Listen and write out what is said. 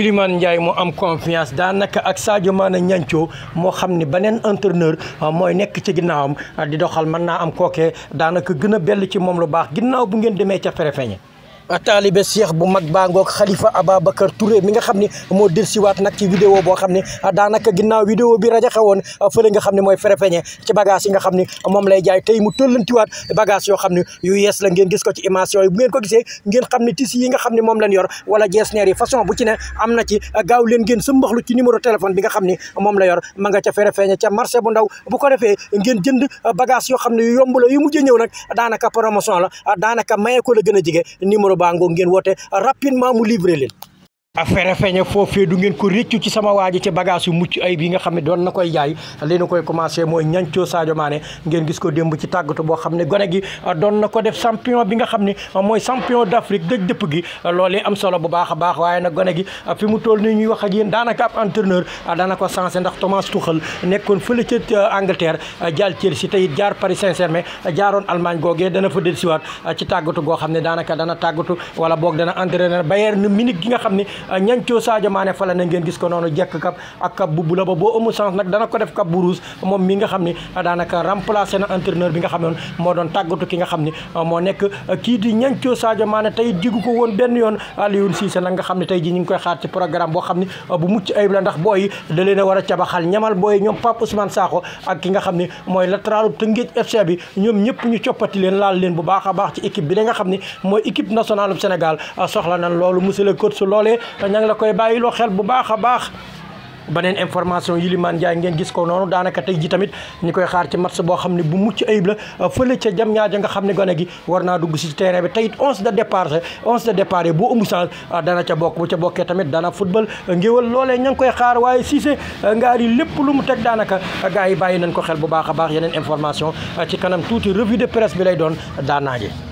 Iliman Ndiaye mu am confiance daanaka ak Sadio Mané ñancoo moo xam ni beneen entraîneur ah, mooy nekk ci ginnaawam ah, di doxal mën naa am kookee daanaka gën a bell ci moom lu baax ginnaaw bu ngeen demee ca Ferefeñe taalibe Cheikh bu mag baa ngoog Khalifa Ababacar Touré mi nga xam ne moo dellusiwaat nag ci vidéo boo xam ne daanaka ginnaaw vidéo bi rajo xewoon fële nga xam ne mooy Farafeñe ci bagage yi nga xam ne moom lay jaay tey mu tollantiwaat bagage yoo xam ne yu yees la ngeen gis ko ci image yooyu ngeen ko gisee ne tissu yi nga xam ne moom lañ yor wala jeesneer yi ne am na ci gaaw leen ngeen sëmbaxlu ci téléphone bi nga xam ne moom la yor ma nga ca Farafeñe ca marché bu ndaw bu ko defee ngeen jënd bagage yoo xam ne yu yomb la yu mujj ñëw nag daanaka promotion la daanaka maye ko la gën a jige numéro numéro baa ngoo ngeen woote rapidement mu livré affaire feeña foofee du ngeen ko réccu ci sama waa ji ci bagage yu mucc ay bi nga xam ne doon na koy jaay li na koy commencé mooy ñancoo Sadio Mané ngeen gis ko démb ci tàggatu boo xam ne gone gi doon na ko def champion bi nga xam ne mooy champion d'Afrique dëj dëpp gi loolee am solo bu baax a baax waaye nag gone gi fi mu toll nii ñuy wax ak yéen daanaka ab entraîneur dana ko sensé ndax Thomas Tuchel nekkoon fële ca euh, Angleterre euh, jaal Chelsea tey it jaar Paris Saint-Germain euh, jaaroon Allemagne googee dana fa dellusiwaat ci tàggatu goo xam ne daanaka dana tàggatu wala boog dana entraîneur Bayern Munich gi nga xam ne Euh, ñancoo Sadio maane fala na ngeen gis ko noonu jekk kap ak kap bu bula ba boo amul chance nag dana ko def kap bu rouge moom mi nga xam ni euh, daanaka remplacé na entraîneur bi nga xam ne moo doon tàggatu nga xam ni euh, moo nekk kii di ñancoo Sadio Mané tey digu ko woon benn yoon Alioune Cissé nag nga xam ne tey ji ñu ngi koy xaar ci programme boo xam ni bu mucc ayib la ndax booy da leen war a cabaxal ñamal booy ñoom Pape Ousmane Sakho ak ki nga xam ne mooy latéralu Teungueth FC bi ñoom ñëpp ñu coppati leen laal leen bu baax a baax ci équipe bi li nga xam ni mooy équipe nationale du Sénégal soxla nañ loolu monsieur le coach loolee te ña ngi la koy bàyyiloo xel bu baax a baax beneen information Iliman Ndiaye ngeen gis ko noonu daanaka tey ji tamit ñu koy xaar ci match boo xam ne bu mucc ayib la fële ca jam ñaaja nga xam ne gone gi war naa dugg si terrain bi tey it onze de départ onze boo ëmb change dana ca bokk ca bokkee tamit dana football ngéwal loole ña ngi koy xaar waaye Cissé ngaar lépp lu mu teg daanaka gars yi bàyyi nañ ko xel bu baax a baax yeneen information ci kanam tuuti revue de presse bi lay doon daanaaje